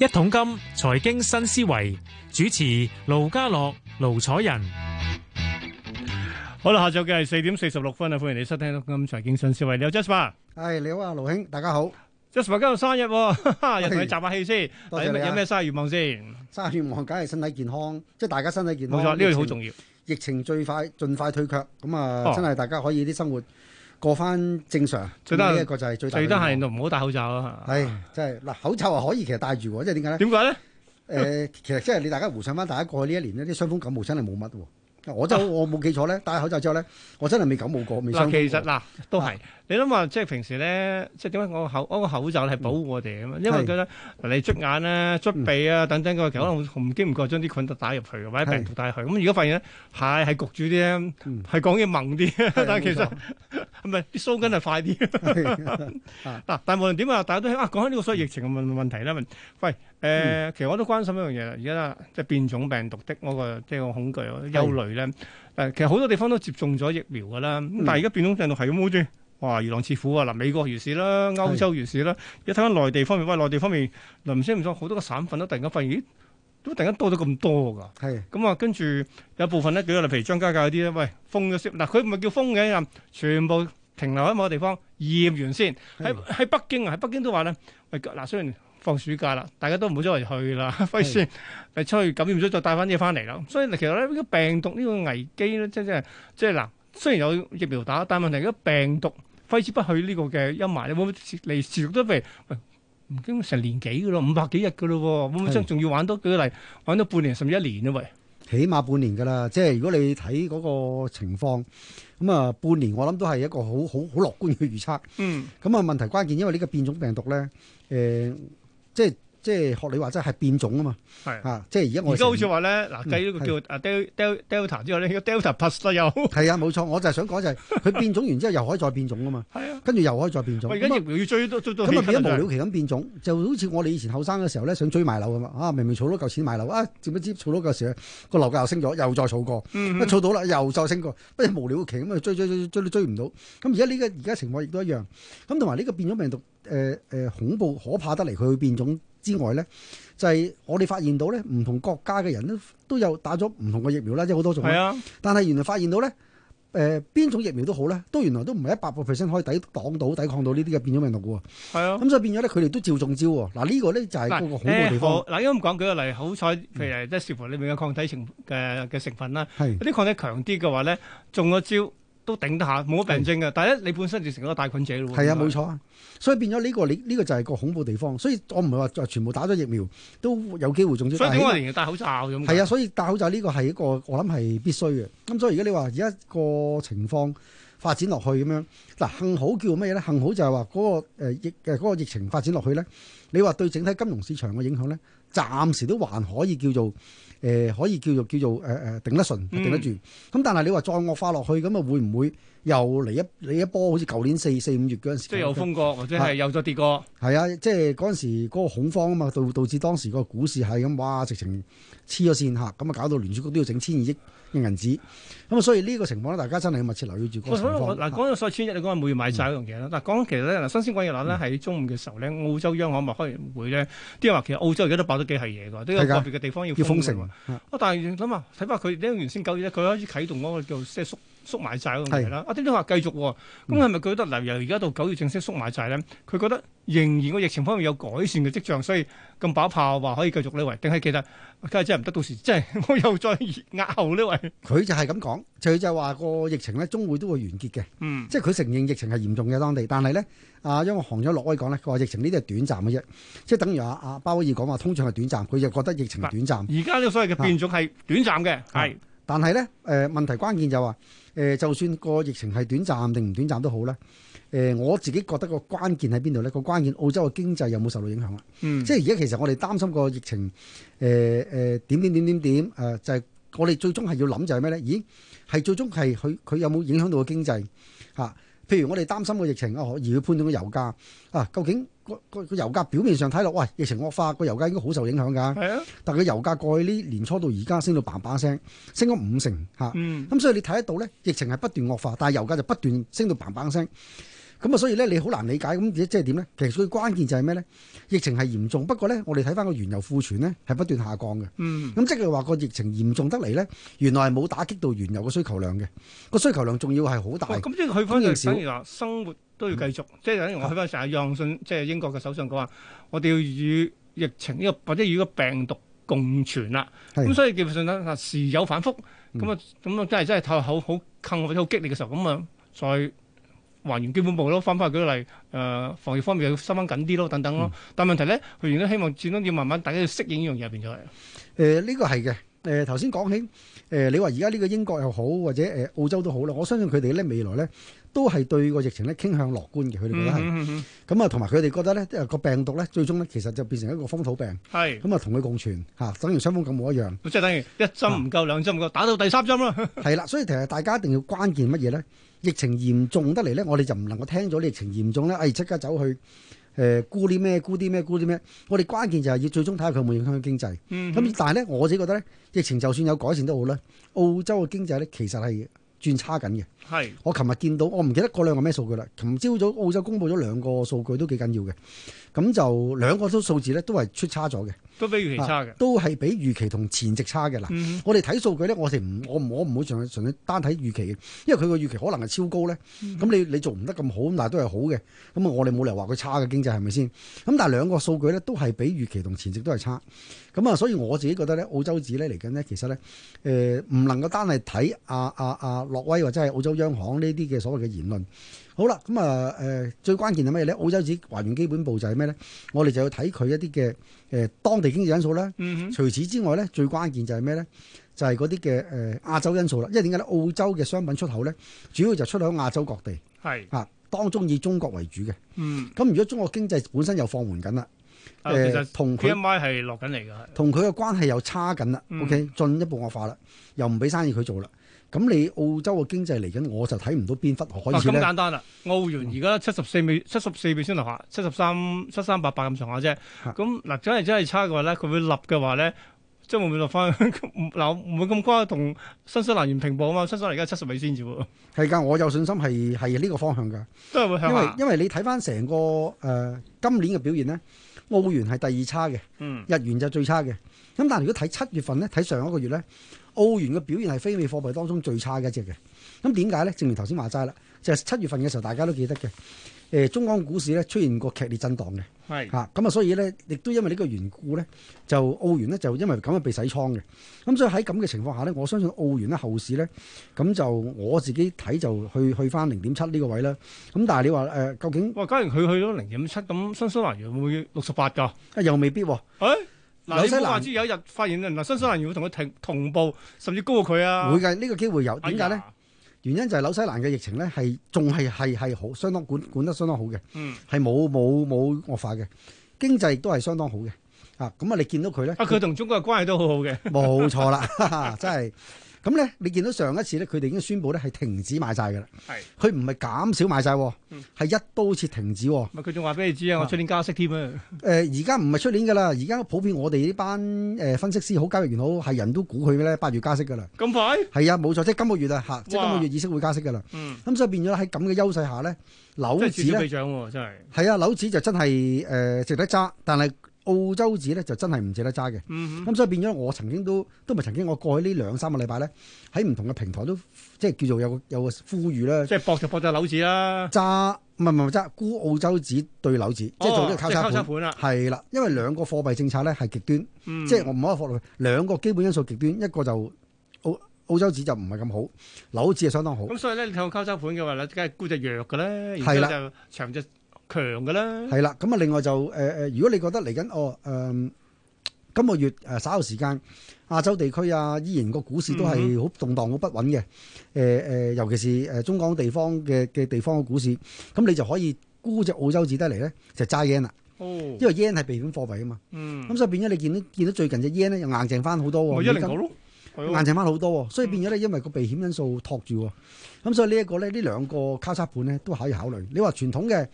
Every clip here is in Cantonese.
一桶金財經新思維，主持盧家樂、盧楚仁，好啦，下晝嘅係四點四十六分啊！歡迎你收聽《一桶金財經新思維》，你好，Jasper 係你好啊，盧兄，大家好，Jasper 今日生日，有同你集下氣先？是有咩、啊、有咩生日願望先？生日願望梗係身體健康，即係大家身體健康，冇錯，呢個好重要疫。疫情最快盡快退卻，咁啊，真係大家可以啲生活。哦過翻正常，最得一個就係最得係唔好戴口罩咯。係真係嗱，口罩係可以其實戴住喎，即係點解咧？點解咧？誒，其實即係你大家回想翻，大家過去呢一年咧，啲傷風感冒真係冇乜喎。我就我冇記錯咧，戴口罩之後咧，我真係未感冒過，未傷。其實嗱，都係你諗下，即係平時咧，即係點解我口我個口罩係保護我哋嘅嘛？因為覺得嗱，你捽眼咧、捽鼻啊等等嗰個，可能唔經唔覺將啲菌都打入去，或者病毒帶去。咁而家發現咧，係係焗住啲，係講嘢矇啲，但係其實。唔係啲收緊係快啲。嗱，但係無論點啊，大家都係啊。講緊呢個所謂疫情嘅問問題啦。喂，誒，其實我都關心一樣嘢啦。而家即係變種病毒嘅嗰個即係個恐懼、憂慮咧。誒，其實好多地方都接種咗疫苗㗎啦。咁但係而家變種病毒係咁好似，哇如狼似虎啊！嗱，美國如是啦，歐洲如是啦。而家睇翻內地方面，喂內地方面，嗱唔知唔錯，好多個省份都突然間發現，咦？都突然間多咗咁多㗎，係咁啊！跟住有部分咧，舉例譬如張家界嗰啲咧，喂封咗先，嗱佢唔係叫封嘅，全部停留喺某個地方驗完先。喺喺的北京啊，喺北京都話咧，喂嗱，雖然放暑假啦，大家都唔好周圍去啦，費先。誒的，出去感染咗，再帶翻啲嘢翻嚟啦。所以其實咧，呢個病毒呢個危機咧，即係即係即係嗱，雖然有疫苗打，但係問題如果病毒揮之不去呢個嘅陰霾你會唔會嚟持續都嚟？已經成年幾嘅咯，五百幾日嘅咯，會唔會仲要玩多幾個嚟，玩多半年甚至一年啊喂！起碼半年㗎啦，即係如果你睇嗰個情況，咁啊半年我諗都係一個好好好樂觀嘅預測。嗯。咁啊問題關鍵，因為呢個變種病毒咧，誒、呃，即係即係學你話齋係變種啊嘛。係的啊，即係而家我而家好似話咧，嗱計呢個叫啊 Delta Delta 之後咧，個 Delta Plus 又係啊冇錯，我就係想講就係佢變種完之後又可以再變種啊嘛。 跟住又可以再變種，咁疫苗要追多追多，咁啊是！變咗無了期咁變種，就好似我哋以前後生嘅時候咧，想追買樓咁啊！啊，明明儲到嚿錢買樓，啊，點不知儲到嚿時咧，個樓價又升咗，又再儲過，嗯，嗯，儲到啦，又再升過，不如無了期咁啊，追追追追都追唔到。咁而家呢個而家情況亦都一樣。咁同埋呢個變種病毒，誒、呃、誒恐怖可怕得嚟，佢會變種之外咧，就係、是、我哋發現到咧，唔同國家嘅人都都有打咗唔同嘅疫苗啦，即係好多種，係是啊，但係原來發現到咧。誒邊、呃、種疫苗都好咧，都原來都唔係一百個 percent 可以抵擋到、抵抗到呢啲嘅變種病毒嘅喎。係啊，咁、嗯、所以變咗咧，佢哋都照中招喎。嗱、啊、呢、呢個咧就係嗰個恐怖地方。嗱、欸，而家咁、啊、講舉個例，好彩，譬如即係視乎裏面嘅抗體成嘅嘅、嗯、成分啦，有啲抗體強啲嘅話咧，中咗招。都頂得下，冇乜病症嘅。第一，你本身就成個帶菌者咯。係啊，冇錯啊。所以變咗呢個，你呢個就係個恐怖地方。所以我唔係話全部打咗疫苗都有機會中招。所以點解仍然戴口罩咁？係啊，所以戴口罩呢個係一個我諗係必須嘅。咁所以而家你話而家個情況發展落去咁樣，嗱幸好叫乜嘢咧？幸好就係話嗰個誒疫誒嗰個疫情發展落去咧，你話對整體金融市場嘅影響咧，暫時都還可以叫做。誒、呃、可以叫做叫做誒誒、呃、頂得順，頂得住。咁但係你話再惡化落去，咁啊會唔會又嚟一嚟一波好似舊年四四五月嗰陣時即係又封過，或者係有咗跌過。係啊，即係嗰陣時嗰個恐慌啊嘛，導導致當時個股市係咁，哇！直情黐咗線吓，咁啊搞到聯儲局都要整千二億銀紙。咁啊，所以呢個情況大家真係密切留意住嗱、嗯啊，講咗三千一，你講下每月買晒嗰樣嘢啦。嗱、嗯啊，講其實咧，新鮮滾熱辣咧，喺中午嘅時候咧，嗯、澳洲央行咪開完會咧，啲人話其實澳洲而家都爆咗幾係嘢㗎，都有個別嘅地方要封，要封城。 啊，但係諗下睇翻佢，呢個原先九月咧，佢開始啟動嗰個叫社宿。縮埋曬嗰個問題啦，阿丁都話繼續、哦，咁係咪佢覺得由而家到九月正式縮埋曬咧？佢覺得仍然個疫情方面有改善嘅跡象，所以咁把炮話可以繼續呢位定係其實梗係真係唔得到時，即係我又再壓後呢位。佢就係咁講，就就係話個疫情咧，中會都會完結嘅。嗯，即係佢承認疫情係嚴重嘅當地，但係咧，啊，因為行長諾威講咧，佢話疫情呢啲係短暫嘅啫，即係等於阿阿鮑威爾講話，通脹係短暫，佢就覺得疫情短暫。而家呢個所謂嘅變種係短暫嘅，係、嗯。是但係咧，誒、呃、問題關鍵就話、是，誒、呃、就算個疫情係短暫定唔短暫都好啦，誒、呃、我自己覺得個關鍵喺邊度咧？個關鍵澳洲嘅經濟有冇受到影響啊？嗯、即係而家其實我哋擔心個疫情，誒、呃、誒、呃、點點點點點，誒、呃、就係、是、我哋最終係要諗就係咩咧？咦，係最終係佢佢有冇影響到個經濟？嚇、啊，譬如我哋擔心個疫情啊，而要判斷個油價啊，究竟？個個個油價表面上睇落，喂，疫情惡化，個油價應該好受影響噶。係啊，但係個油價過去呢年初到而家升到嘭嘭聲，升咗五成吓。嗯，咁所以你睇得到咧，疫情係不斷惡化，但係油價就不斷升到嘭嘭聲。咁啊，所以咧你好難理解，咁即係點咧？其實最關鍵就係咩咧？疫情係嚴重，不過咧，我哋睇翻個原油庫存咧係不斷下降嘅。嗯。咁即係話個疫情嚴重得嚟咧，原來係冇打擊到原油嘅需求量嘅，個需求量仲要係好大。咁即係去翻，就反而話生活都要繼續，即係等我去翻成日，讓信即係英國嘅首相講話，我哋要與疫情呢個或者與個病毒共存啦。咁、嗯、所以佢呢，時有反覆，咁啊、嗯，咁啊，真係真係太好好，好激烈嘅時候，咁啊，再。還原基本步咯，翻返去舉例，誒、呃、防疫方面又要收返緊啲咯，等等咯。嗯、但係問題咧，佢而家希望轉到要慢慢大家要適應呢樣嘢入邊就係誒呢個係嘅。誒，頭先講起，誒、呃，你話而家呢個英國又好，或者誒、呃、澳洲都好啦，我相信佢哋咧未來咧都係對個疫情咧傾向樂觀嘅，佢哋覺得係。咁啊，同埋佢哋覺得咧，誒個病毒咧，最終咧其實就變成一個風土病。係是。咁、嗯、啊，同佢共存吓，等於傷風感冒一樣。即係等於一針唔夠兩針，唔夠打到第三針啦。係 啦，所以其實大家一定要關鍵乜嘢咧？疫情嚴重得嚟咧，我哋就唔能夠聽咗疫情嚴重咧，唉、哎，即刻走去。誒沽啲咩？沽啲咩？沽啲咩？我哋關鍵就係要最終睇下佢有冇影響經濟。咁、嗯嗯、但係咧，我自己覺得咧，疫情就算有改善都好啦，澳洲嘅經濟咧其實係轉差緊嘅。係，我琴日見到我唔記得嗰兩個咩數據啦。琴朝早澳洲公布咗兩個數據都幾緊要嘅，咁就兩個都數字咧都係出差咗嘅，都比預期差嘅，都係比預期同前值差嘅嗱。我哋睇數據咧，我哋唔我唔我唔會純粹單睇預期嘅，因為佢個預期可能係超高咧。咁你你做唔得咁好，但係都係好嘅。咁我哋冇理由話佢差嘅經濟係咪先？咁但係兩個數據咧都係比預期同前值都係差。咁啊，所以我自己覺得咧，澳洲紙咧嚟緊咧，其實咧誒唔能夠單係睇阿阿阿諾威或者係澳洲央行呢啲嘅所謂嘅言論，好啦，咁啊，誒，最關鍵係乜嘢咧？澳洲紙還原基本步就係咩咧？我哋就要睇佢一啲嘅誒當地經濟因素啦。嗯哼。除此之外咧，最關鍵就係咩咧？就係嗰啲嘅誒亞洲因素啦。因為點解咧？澳洲嘅商品出口咧，主要就出口亞洲各地。係是。吓、啊、當中以中國為主嘅。嗯。咁、啊、如果中國經濟本身又放緩緊啦，誒、嗯，同佢係落緊嚟噶，同佢嘅關係又差緊啦。O K，進一步惡化啦，又唔俾生意佢做啦。咁你澳洲嘅經濟嚟緊，我就睇唔到邊忽可以咁、啊、簡單啦，澳元而家七十四美七十四美先落下，七十三七三八八咁上下啫。咁嗱、啊，真係真係差嘅話咧，佢會立嘅話咧。即係 會唔會落翻？嗱，唔會咁誇同新西蘭元平步啊嘛！新西蘭而家七十米先至喎。係噶，我有信心係係呢個方向噶。都係會向下。因為因為你睇翻成個誒、呃、今年嘅表現咧，澳元係第二差嘅，日元就最差嘅。咁、嗯、但係如果睇七月份咧，睇上一個月咧，澳元嘅表現係非美貨幣當中最差嘅一隻嘅。咁點解咧？正如頭先話齋啦，就係、是、七月份嘅時候，大家都記得嘅。誒中港股市咧出現過劇烈震盪嘅，係嚇咁啊！所以咧，亦都因為呢個緣故咧，就澳元咧就因為咁樣被洗倉嘅。咁、啊、所以喺咁嘅情況下咧，我相信澳元咧後市咧，咁、啊、就我自己睇就去去返零點七呢個位啦。咁、啊、但係你話誒、啊，究竟哇，假如佢去咗零點七，咁新西蘭元會六十八㗎，又未必喎、啊。誒、欸，嗱、啊，新鮮銀有一日發現，嗱，新西蘭元會同佢停同步，甚至高過佢啊，啊會嘅，呢、這個機會有，點解咧？原因就係紐西蘭嘅疫情咧，係仲係係係好相當管管得相當好嘅，嗯，係冇冇冇惡化嘅，經濟亦都係相當好嘅。啊，咁啊，你見到佢咧？啊，佢同中國嘅關係都好好嘅，冇 錯啦，真係。咁咧，你見到上一次咧，佢哋已經宣布咧係停止買債噶啦。係是，佢唔係減少買債，係、嗯、一刀切停止。咪佢仲話俾你知啊，我出年加息添啊。誒，而家唔係出年噶啦，而家普遍我哋呢班誒分析師好交易員好係人都估佢咧八月加息噶啦。咁快？係啊，冇錯，即、就、係、是、今個月啊，嚇哇，即係今個月議息會加息噶啦。咁、嗯、所以變咗喺咁嘅優勢下咧，樓指咧，漲喎，啊，真係。係啊，樓指就真係誒值得揸，但係。澳洲紙咧就真係唔值得揸嘅，咁、嗯哼嗯、所以變咗我曾經都都咪曾經我過去呢兩三個禮拜咧，喺唔同嘅平台都即係叫做有個有個呼籲啦，即係搏就搏隻紐紙啦，揸唔係唔係揸沽澳洲紙對紐紙，即係做呢個交叉盤、哦、啊，係啦，因為兩個貨幣政策咧係極端，嗯、即係我唔可以貨幣，兩個基本因素極端，一個就澳澳洲紙就唔係咁好，紐紙係相當好，咁所以咧你睇交叉盤嘅話咧，梗係沽隻弱嘅啦。然之後就，就長隻，強嘅啦，係啦，咁啊，另外就誒誒、呃，如果你覺得嚟緊哦，誒、呃，今個月誒、呃、稍後時間，亞洲地區啊，依然個股市都係好動盪、好不穩嘅，誒誒、嗯哼呃，尤其是誒中港地方嘅嘅地方嘅股市，咁你就可以沽隻澳洲紙得嚟咧，就揸 yen 啦，哦，因為 yen 係避險貨幣啊嘛，嗯，咁所以變咗你見到見到最近隻 yen 咧又硬淨翻好多，一咯、嗯哼，硬淨翻好多，所以變咗咧，因為個避險因素托住，咁、嗯、所以呢、這、一個咧，呢兩個交叉盤咧都可以考慮。你話傳統嘅。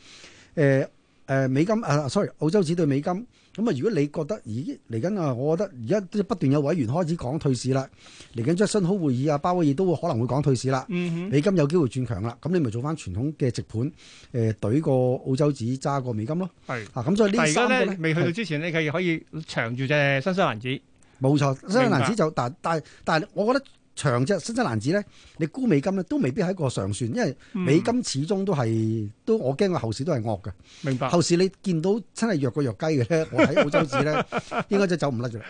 誒誒、呃，美金啊，sorry，澳洲紙對美金，咁、嗯、啊，如果你覺得，咦，嚟緊啊，我覺得而家不斷有委員開始講退市啦，嚟緊即係新好會議啊，鮑威爾都會可能會講退市啦，嗯、哼美金有機會轉強啦，咁你咪做翻傳統嘅直盤，誒、呃，懟過澳洲紙揸過美金咯。係是，啊，咁所以呢三個咧未去到之前，是你係可以長住隻新西蘭紙。冇錯，新西蘭紙就白但但但係，我覺得。長啫，新西蘭紙咧，你估美金咧都未必係一個上算，因為美金始終都係、嗯、都我驚個後市都係惡嘅。明白後市你見到真係弱過弱雞嘅咧，我喺澳洲紙咧 應該真係走唔甩咗。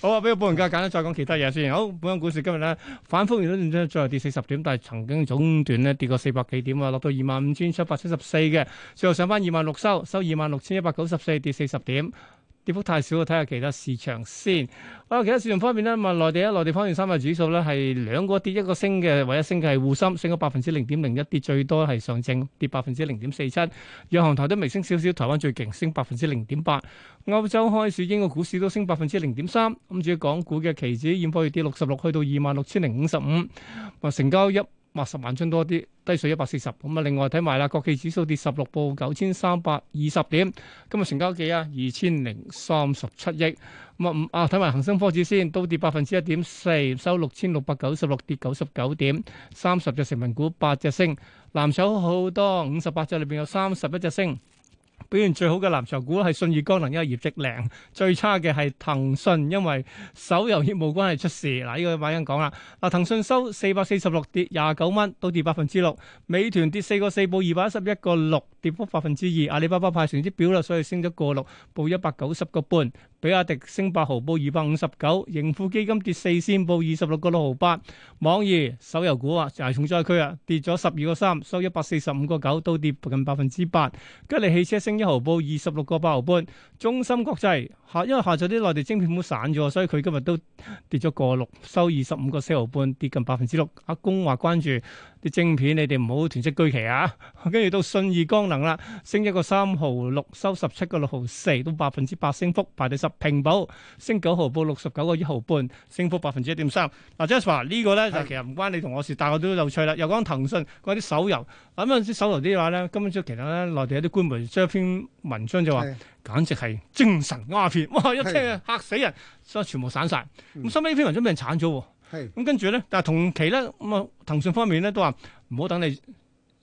好啊，俾個老人家簡單再講其他嘢先。好，本港股市今日咧反覆完都最後跌四十點，但係曾經總段呢，跌過四百幾點啊，落到二萬五千七百七十四嘅，最後上翻二萬六收，收二萬六千一百九十四，跌四十點。跌幅太少，睇下其他市場先。啊，其他市場方面咧，咪內地咧，內地方面三大指數咧係兩個跌一個升嘅，唯一升嘅係滬深，升咗百分之零點零一，跌最多係上證跌百分之零點四七。有行台都微升少少，台灣最勁，升百分之零點八。歐洲開市，英國股市都升百分之零點三。咁至於港股嘅期指，現貨月跌六十六，去到二萬六千零五十五。成交一八十萬張多啲，低水一百四十。咁啊，另外睇埋啦，國企指數跌十六，報九千三百二十點。今日成交幾啊？二千零三十七億。咁啊，五啊，睇埋恒生科指先，都跌百分之一點四，收六千六百九十六，跌九十九點。三十隻成分股，八隻升，藍籌好多，五十八隻裏邊有三十一隻升。表現最好嘅藍籌股係信義光能，因為業績靚；最差嘅係騰訊，因為手遊業務關係出事。嗱，呢個馬欣講啦，啊騰訊收四百四十六，跌廿九蚊，都跌百分之六；美團跌四個四，報二百一十一個六。跌幅百分之二，阿里巴巴派成績表啦，所以升咗個六，報一百九十個半。比亞迪升八毫，報二百五十九。盈富基金跌四仙，報二十六個六毫八。網易手遊股啊，就係重災區啊，跌咗十二個三，收一百四十五個九，都跌近百分之八。吉利汽車升一毫，報二十六個八毫半。中芯國際下，因為下晝啲內地晶片股散咗，所以佢今日都跌咗個六，收二十五個四毫半，跌近百分之六。阿公話關注。正片你哋唔好囤積居奇啊！跟住到信義光能啦，升一個三毫六，收十七個六毫四，都百分之八升幅，排第十。平保升九毫，報六十九個一毫半，升幅百分之一點三。嗱，Jessica 呢個咧就其實唔關你同我事，但係我都有趣啦。又講騰訊嗰啲手遊，咁啊啲手遊啲話咧，今朝早其他咧內地有啲官媒出一篇文章就話，的簡直係精神鴉片，哇一車吓死人，所以全部散晒。咁收尾呢篇文章俾人鏟咗。係，咁、嗯、跟住咧，但係同期咧，咁、嗯、啊，騰訊方面咧都話唔好等你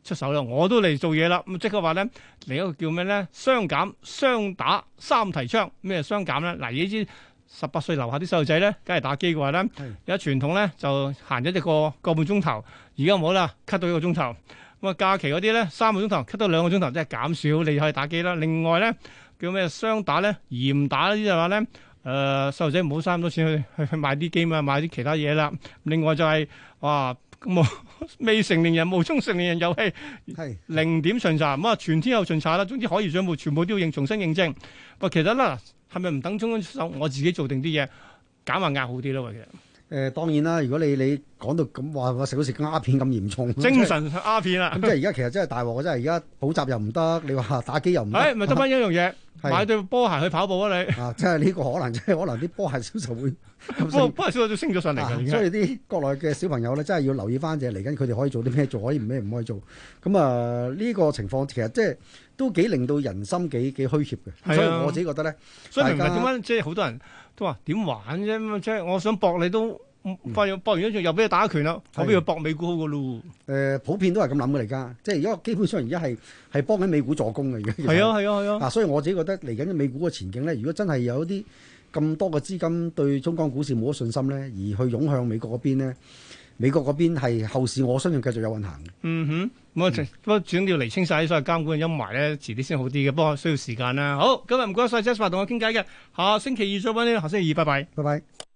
出手啦，我都嚟做嘢啦，咁、嗯、即刻話咧嚟一個叫咩咧？雙減、雙打、三提倡咩啊？雙減咧，嗱，你知十八歲樓下啲細路仔咧，梗係打機嘅話咧，而家傳統咧就行咗一隻個一個半鐘頭，而家唔好啦，cut 到一個鐘頭。咁、嗯、啊，假期嗰啲咧三個鐘頭 cut 到兩個鐘頭，即係減少你可以打機啦。另外咧叫咩雙打咧？嚴打話呢啲嘅話咧。誒細路仔唔好嘥咁多錢去去去買啲 game 啊，買啲其他嘢啦、啊。另外就係、是、哇，咁未成年人冒充成年人遊戲，係零點巡查咁啊，全天候巡查啦。總之可疑賬戶全部都要認重新認證。或其實啦，係咪唔等中央出手，我自己做定啲嘢減下壓好啲咯、啊？其實誒、呃、當然啦，如果你你講到咁話，我食到食鴉片咁嚴重，就是、精神鴉片啊！即係而家其實真係大鑊，真係而家補習又唔得，你話打機又唔、哎呃、 得。得翻一樣嘢。買對波鞋去跑步啊你 啊，即係呢個可能，即係可能啲波鞋銷售會波 鞋銷售都升咗上嚟、 啊，所以啲國內嘅小朋友咧，真係要留意翻，就嚟緊佢哋可以做啲咩做，可以唔咩唔可以做。咁啊呢個情況其實即係都幾令到人心幾幾虛怯嘅。 所以我自己覺得咧， 所以唔係點解即係好多人都話點玩啫？即係我想搏你都。翻、嗯、又搏完一仗又俾佢打拳啦，後邊又搏美股好噶啦誒，普遍都係咁諗嘅而家，即係而家基本上而家係係幫緊美股助攻嘅而家。係 的啊係啊係啊。嗱，所以我自己覺得嚟緊嘅美股嘅前景咧，如果真係有一啲咁多嘅資金對中港股市冇咗信心咧，而去湧向美國嗰邊咧，美國嗰邊係後市我相信繼續有運行嘅。嗯哼，嗯，不過主要要釐清晒所有監管嘅陰霾咧，遲啲先好啲嘅，不過需要時間啦。好，今日唔該晒 Jasper 同我傾偈嘅，下星期二再搵你，下星期二拜拜，拜拜。拜拜。